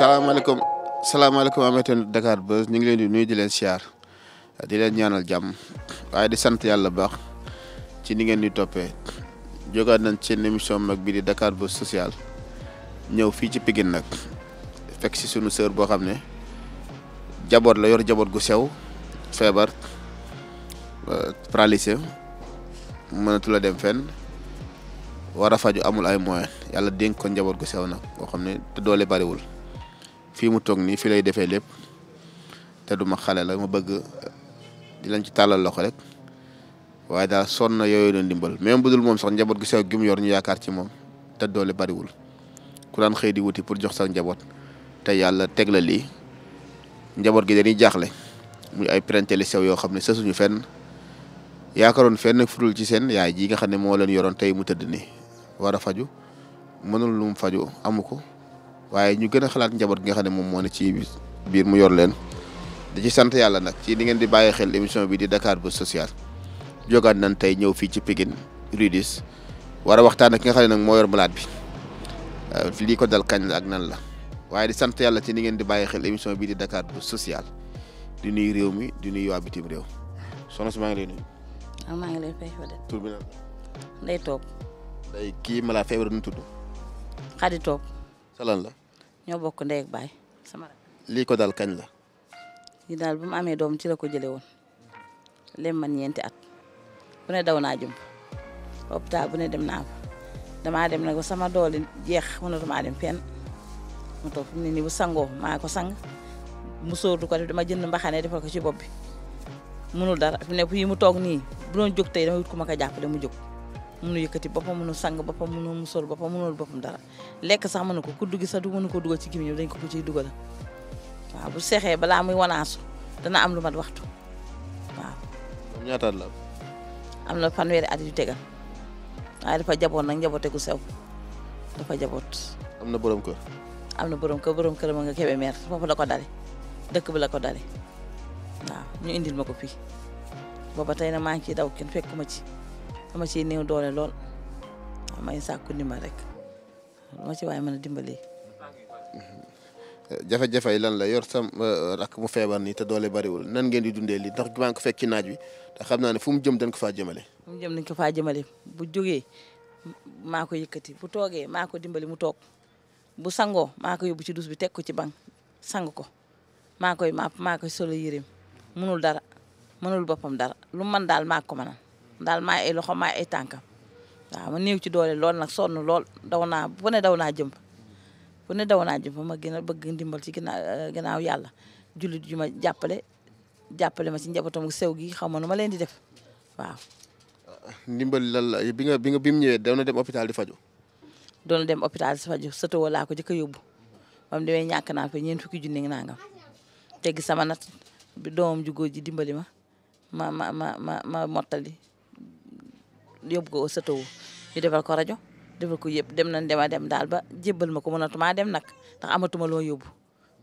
salaamaaleykum salaamaaleykum amateurs Dakar Buzz ñu ngi leen di nuyu di leen siyaar di leen ñaanal jàmm waaye di sant yàlla baax ci ni ngeen di toppee jógaat nañ seen émission mag bi di Dakar Buzz social ñëw fii ci Pikine nag fekk ci sunu sœur boo xam ne jaboot la yor jaboot gu sew feebar paralysé mënatula la dem fenn war a faju amul ay moyen yàlla dénk ko njaboot gu sew nag boo xam ne te doole bariwul fii mu toog nii fi lay defee lépp te duma xale la ma bëgg di lañ ci tàllal loxo rek waaye daal sonn na yooyu doon dimbal même bu moom sax njaboot gi sew gi mu yor ñu yaakaar ci moom te doole bariwul ku daan xëy di wuti pour jox sa njaboot te yàlla teg la lii njaboot gi dañuy jaaxle mu ay prenteeli sew yoo xam ne sësuñu fenn yaakaaroon fenn fudul ci seen yaay ji nga xam ne moo leen yoroon tey mu tëdd ni wara a faju mënul lu mu faju amu ko waaye ñu gën a xalaat njaboot gi nga xam ne moom moo ne ci biir mu yor leen di ci sant yàlla nag ci ni ngeen di bàyyi xel émission bi di Dakar Buzz Social jógaat nañ tey ñëw fii ci Pikine Rudis war waxtaan ak ki nga xam ne nag moo yor malade bi euh, lii ko dal kañ ak nan la waaye sant yàlla ci ni ngeen di bàyyi xel émission bi di Dakar Social di nuyu réew mi di nuyu waa bitim réew soxna si maa ngi lay nuyu. waaw ah, toog. day kii malade nu tudd. xadi toog. sa la. ñoo bokk ndey ak baay sama rak. kañ la. lii daal bu mu amee doom ci la ko jëlee woon lem man ñeenti at bu ne daw naa jëm hôpital bu ne dem naa fa dem nag ba sama doole jeex a dem fenn mu toog fi nii bu sangoo maa ko sang mu sóor du ko def dama jënd mbaxane defal ko ci bopp bi dara fi ne fii mu toog nii bu doon jóg dama wut ku ma ko jàppale mu jóg. mun mënu yëkkati boppam mënu sang boppam mënu musal boppam mënul boppam dara lekk sax mënu ko kuddu gi sax du mënu ko dugal ci gémmiñam dañ ko ko ciy dugal waaw bu seexee balaa muy wanaasu dana am lu mat waxtu waaw. moom ñaata at la am. am na fanweeri at yu tegal waaye dafa jaboon nag njaboote gu sew dafa jaboot. am na borom kër. am na borom kër borom kër ma nga kebe meer foofu la ko dale dëkk bi la ko dale waaw ñu indil ma ko fi booba tey na maa ngi ciy daw kenn fekkuma ci. dama ciy néew doole lool may sàkku ndimbal ma ci waaye mën a dimbali. jafe-jafe yi lan la yor sam uh, rakk mu feebar nii te doole bariwul nan ngeen di dundee lii ndax maa ngi fekk ci naaj bi te xam naa ne fu mu jëm dañ ko faa jëmale. fu mu ko faa jëmale bu jógee maa ko yëkkati bu toogee maa ko dimbali mu toog bu sangoo maa ko yóbbu ci dus bi te ko ci bank sang ko maa koy maap maa koy solo yëreem mënul dara mënul boppam dara lu man daal maa ko mënal daal maay ay loxo maay ay tànkam waaw ma néew ci doole lool nag sonn lool daw naa bu daw naa jëm bu ne daw naa jëm ma gën a bëgg ndimbal ci ginnaaw euh, ginnaaw yàlla jullit ju ma jàppale jàppale ma ci njabootam sew gi xaw ma nu ma leen di def waaw. ndimbal lan la bi nga bi nga bi doon dem hôpital di faju doon dem hôpital di faju sëtoo laa ko jëkk a yóbbu ba mu demee ñàkk naa fa ñeent fukki junni nangam teggi sama nat bi doomam ji dimbali ma ma ma ma ma mottali yóbbu ko sa taw ñu defal ko rajo defal ko yëpp dem nañ dema dem daal ba jébbal ma ko mënatuma dem nag ndax amatuma loo yóbbu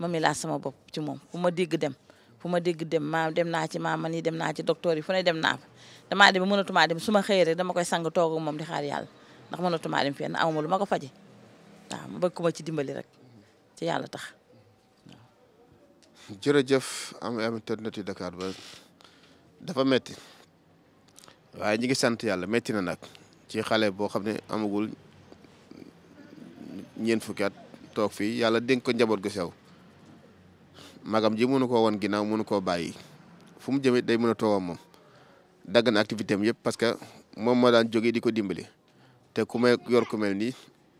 ma mi laa sama bopp ci moom fu ma dégg dem fu ma dégg dem ma dem naa ci maama nii dem naa ci docteur yi fu ne dem naa fa damaa dem mënatumaa dem su ma xëyee rek dama koy sang toog moom di xaar yàlla ndax mënatumaa dem fenn amuma lu ma ko faje waaw ma bëgg ku ma ci dimbali rek ci yàlla tax jërëjëf am am internet yi Dakar ba dafa metti waaye ñi ngi sant yàlla métti na nag ci xale boo xam ne amagul ñeent fukki at toog fii yàlla dénk ko njaboot gu sew magam ji mënu ko woon ginnaaw mënu koo bàyyi fu mu jëmee day mun a toogam moom dagg na activité am yëpp parce que moom moo daan joge di ko dimbali te ku may yor ku mel nii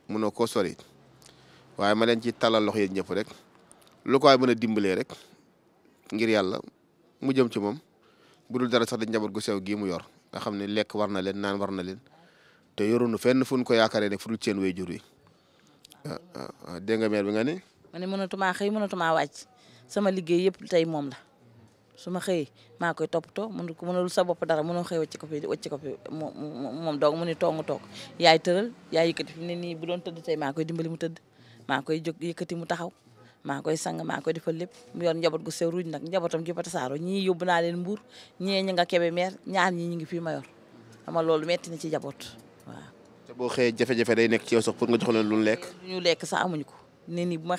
mënoo koo sori waaye ma leen ci tàllal loxo yi ñëpp rek lu ko waay mën a dimbalee rek ngir yàlla mu jëm ci moom bu dul dara sax di njaboot gu sew gii mu yor. nga xam ne lekk war na leen naan war na leen te yorunu fenn fun ñu ko yaakaaree ne fu dul seen way jur yi ah, ah bi nga ni ma ne mënatumaa xëy mënatumaa wàcc sama liggéey yëpp tey moom la su ma xëyee maa koy toppatoo mënu ko mënul sa bopp dara mënoo xëy wàcc ko fi wàcc ko fi moom doog mu ni toog toog yaay tëral yaay yëkkati fi mu ne nii bu doon tëdd tey maa koy dimbali mu tëdd maa koy jóg yëkkati mu taxaw maa koy sang maa koy defal lépp mu yor njaboot gu sew ruuj nag njabootam jëppa tasaaroo ñii yóbbu naa leen mbuur ñee ñi nga kebe meer ñaar ñi ñu ngi fi ma ama loolu metti na ci njaboot waaw te boo xëyee jafe-jafe day nekk ci sax pour nga jox leen lekk ñu lekk sax ko ne ni bu ma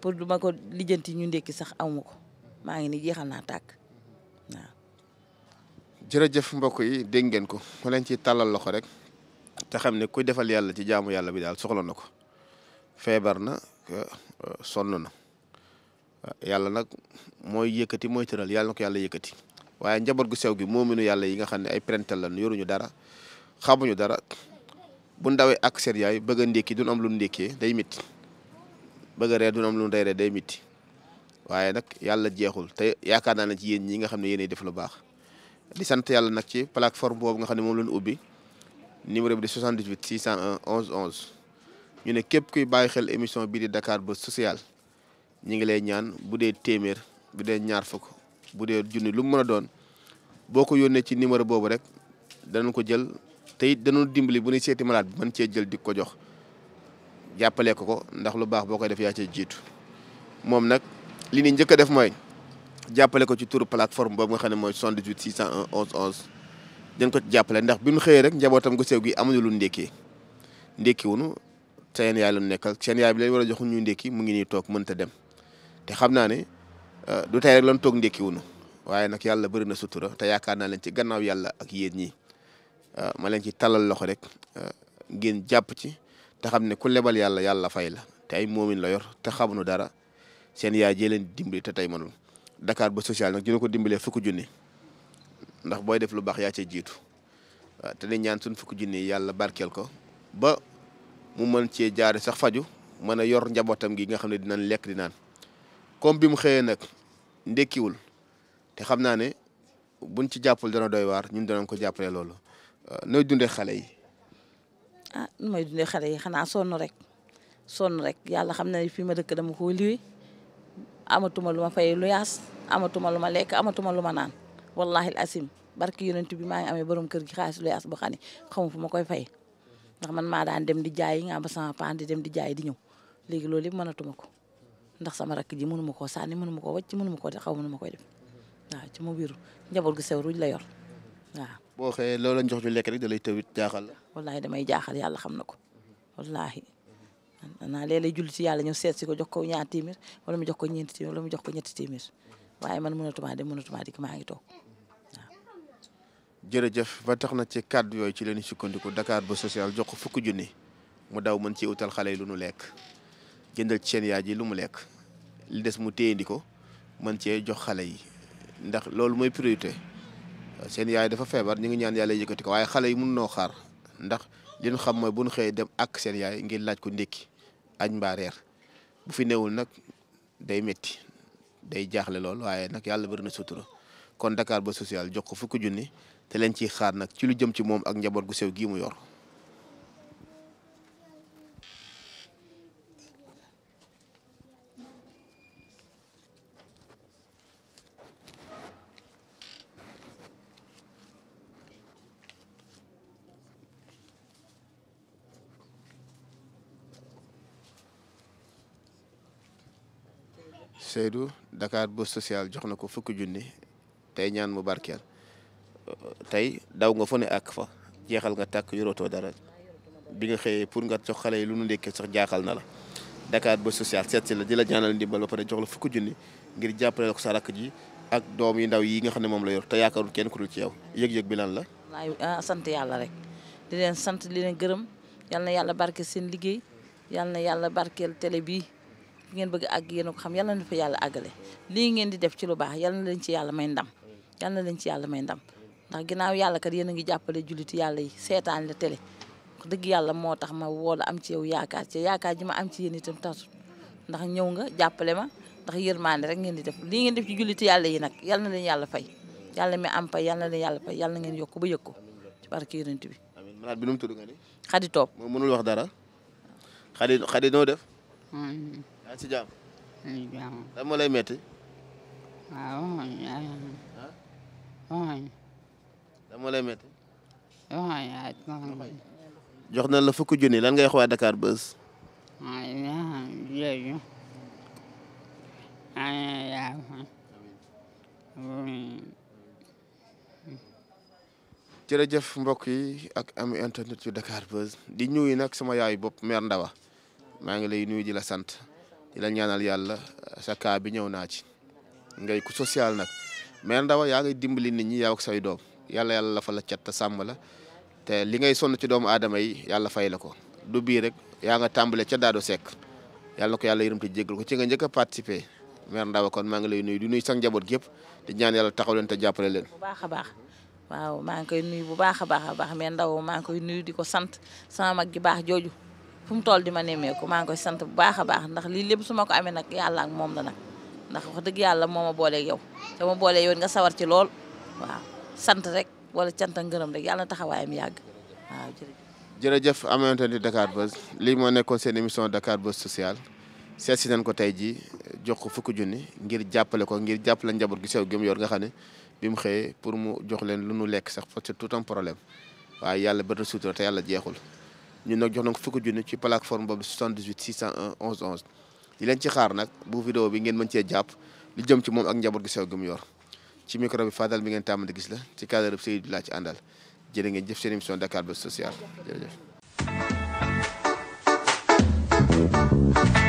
pour du ma ko lijjanti ñu ndékki sax amu ko maa ngi ni na naa tàkk waaw jërëjëf mbokk yi dégg ngeen ko ma leen ciy tàllal loxo rek te xam ne kuy defal yàlla ci jaamu yàlla bi daal soxla na ko feebar na eh, sonn na yàlla nag mooy yëkkati mooy tëral yàlla na ko yàlla yëkkati waaye njaboot gu sew gi moominu yàlla yi nga xam ne ay la lan yoruñu dara xamuñu dara bu ndawee ak seen yaay bëgg a ndékki duñ am lu ndékkee day mit bëgg a reer duñ am lu day day mitt waaye nag yàlla jeexul te yaakaar naa ne ci yéen ñi nga xam ne yéenay def lu baax di sant yàlla nag ci plateforme boobu nga xam ne moom lañu ubbi numéro bi di 78 601 11 11 ñu ne képp kuy bàyyi xel émission bii di Dakar Buzz social ñu ngi lay ñaan bu dee téeméer bu dee ñaar fukk bu dee junni lu mu mën a doon boo ko yónnee ci numéro boobu rek danañ ko jël tey it danañ dimbali bu ñuy seeti malaat bi mën cee jël di ko jox jàppale ko ko ndax lu baax boo koy def yaa cee jiitu moom nag li ni njëkk def mooy jàppale ko ci turu plateforme boobu nga xam ne mooy 78 601 11 11 dañ ko ci jàppale ndax bi mu xëyee rek njabootam gu sew gi amuñu lu ndékkee ndékkiwunu seen yaay la nekkal seen yaay bi lañ war a joxu ñu ndékki mu ngi nii toog mënta dem xam naa ne euh, du tey rek lan toog ndékkiwunu waaye nag yàlla bëri na sutura te yaakaar naa leen ci gannaaw yàlla ak yéen ñi euh, ma leen ci talal loxo rek euh, ngeen jàpp ci te xam ne ku lebal yàlla yàlla fay la te ay moomin la yor te xamuñu dara seen yaay jee leen dimbali te tey manul Dakar ba social nag dina ko dimbalee fukki junni ndax booy def lu baax yaa ca jiitu te di ñaan suñ fukki junni yàlla barkeel ko ba mu mën cee jaare sax faju mën a yor njabootam gi nga xam ne dinañ lekk di naan comme bi mu xëyee nag ndekkiwul te xam naa ne buñ ci jàppul dana doy waar ñun danañ ko jàppale loolu euh, nooy dundee xale yi. ah nu may dundee xale yi xanaa sonn rek sonn rek yàlla xam na ne fi ma dëkk dama koo liwi amatuma lu ma fay lu yaas amatuma lu ma lekk amatuma lu ma naan wallaahi asim barki yonent bi maa ngi amee borom kër gi xaalis lu yaas bu xam ne fu ma koy fay ndax man maa daan dem di jaay nga ba sama paan di dem di jaay di ñëw léegi loolu yëpp mënatuma ko. ndax sama rakk ji mënu ma koo sànni ko ma koo wàcc mënu ma koo xaw mënu ma koy def waaw ci ma biiru njaboot gu sew ruñ la yor waaw. boo xëyee loolu lañ jox ju lekk rek da lay tawit jaaxal. wallaahi damay jaaxal yàlla xam na ko wallaahi. naa léeg-léeg julli ci yàlla ñëw seet si ko jox ko ñaar téeméer wala mu jox ko ñeenti téeméer wala mu jox ko ñetti téeméer waaye man mënatuma dem mënatuma dikk maa ngi toog jërëjëf ba tax na ci kàddu yooyu ci leen sukkandiku Dakar ba social jox ko fukki junni mu daw mën ci utal xale yi lu nu lekk jëndal ci seen yaay ji lu mu lekk li des mu téye di ko man cee jox xale yi ndax loolu mooy priorité seen yaay dafa feebar ñu ngi ñaan yàlla yëkkati ko waaye xale yi mun noo xaar ndax li ñu xam mooy bu ñu xëyee dem ak seen yaay ngir laaj ko ndékki añ mbaa reer bu fi newul nag day métti day jaaxle lool waaye nag yàlla bëri na sutura kon ndakaar ba sociale jox ko fukk junni te leen ciy xaar nag ci lu jëm ci moom ak njaboot gu sew gii mu yor. Seydou Dakar Bourse Sociale jox na ko fukki junni tey ñaan mu barkeel tey daw nga fu ne àkk fa jeexal nga takk yorotoo dara bi nga xëyee pour nga jox xale yi lu nu ndekkee sax jaaxal na la Dakar Bourse Sociale seet si la di la ñaanal ndimbal ba pare jox la fukki junni ngir jàppale la ko sa rakk ji ak doom yu ndaw yi nga xam ne moom la yor te yaakaarul kenn ku ci yow yëg-yëg bi lan la. ah sant yàlla rek di leen sant di leen gërëm yal yàlla barkeel seen liggéey yal na yàlla barkeel télé bii. fi ngeen bëgg àgg yéen a ko xam yal na fa yàlla àggale lii ngeen di def ci lu baax yal na leen ci yàlla may ndam yal na leen ci yàlla may ndam ndax ginnaaw yàlla kat yéen a jàppale julliti yàlla yi seetaan la télé dëgg yàlla moo tax ma woo la am ci yow yaakaar ci yaakaar ji ma am ci yéen itam tasu ndax ñëw nga jàppale ma ndax yërmaande rek ngeen di def lii ngeen def ci julliti yàlla yi nag yal na leen yàlla fay yàlla mi am pay yal na leen yàlla fay yal ngeen yokk ba yëg ko ci barke yonent bi amiin malade bi nu mu tudd nga ni yaa ngi si jox na la fukki junni lan ngay wax waa Dakar Buzz. waaw yaa ngi jërëjëf mbokk yi ak am internet yu Dakar Buzz di ñuy nag sama yaayu bopp mère Ndawa maa ngi lay nuyu di la sant. di la ñaanal yàlla sa cas bi ñëw naa ci ngay ku social nag mais ndaw yaa ngay dimbali nit ñi yaa ak say doom yàlla yàlla la a la cat a sàmm te li ngay sonn ci doomu aadama yi yàlla fay la ko du bii rek yaa nga tàmbale ca daado sekk yàlla na ko yàlla yërëm te jéggal ko ci nga njëkk a participer mère Ndawa kon maa ngi lay nuyu di nuyu sax njaboot gi yëpp di taxaw leen jàppale leen. a baax waaw maa ngi a sant sama gi baax jooju. fu mu toll di ma nemmeeku maa ngi koy sant bu baax a baax ndax lii lépp su ma ko amee nag yàlla ak moom la nag ndax wax dëgg yàlla moo ma booleeg yow te ma boolee nga sawar ci lool waaw sant rek wala cant ak ngërëm rek yàlla na taxawaayam yàgg waaw jërëjëf. jërëjëf amante ni Dakar Buzz lii moo nekkoon seen émission Dakar social seet si ko tey jii jox ko fukki junni ngir jàppale ko ngir jàpp la njaboot gi sew gi yoor nga xam ne bi mu xëyee pour mu jox leen lu nu lekk sax parce que tout un problème waaye yàlla bëri na sutura te yàlla jeexul. ñu nag jox na ko fukki junni ci plateforme boobu 78 601 11 11 di leen ci xaar nag bu vidéo bi ngeen mën cee jàpp lu jëm ci moom ak njaboot gi sew gi mu yor ci micro bi Fadal bi ngeen tàmm gis la ci cadre bi Seydou laa ci àndal jërë ngeen jëf seen émission Dakar Buzz Social jërëjëf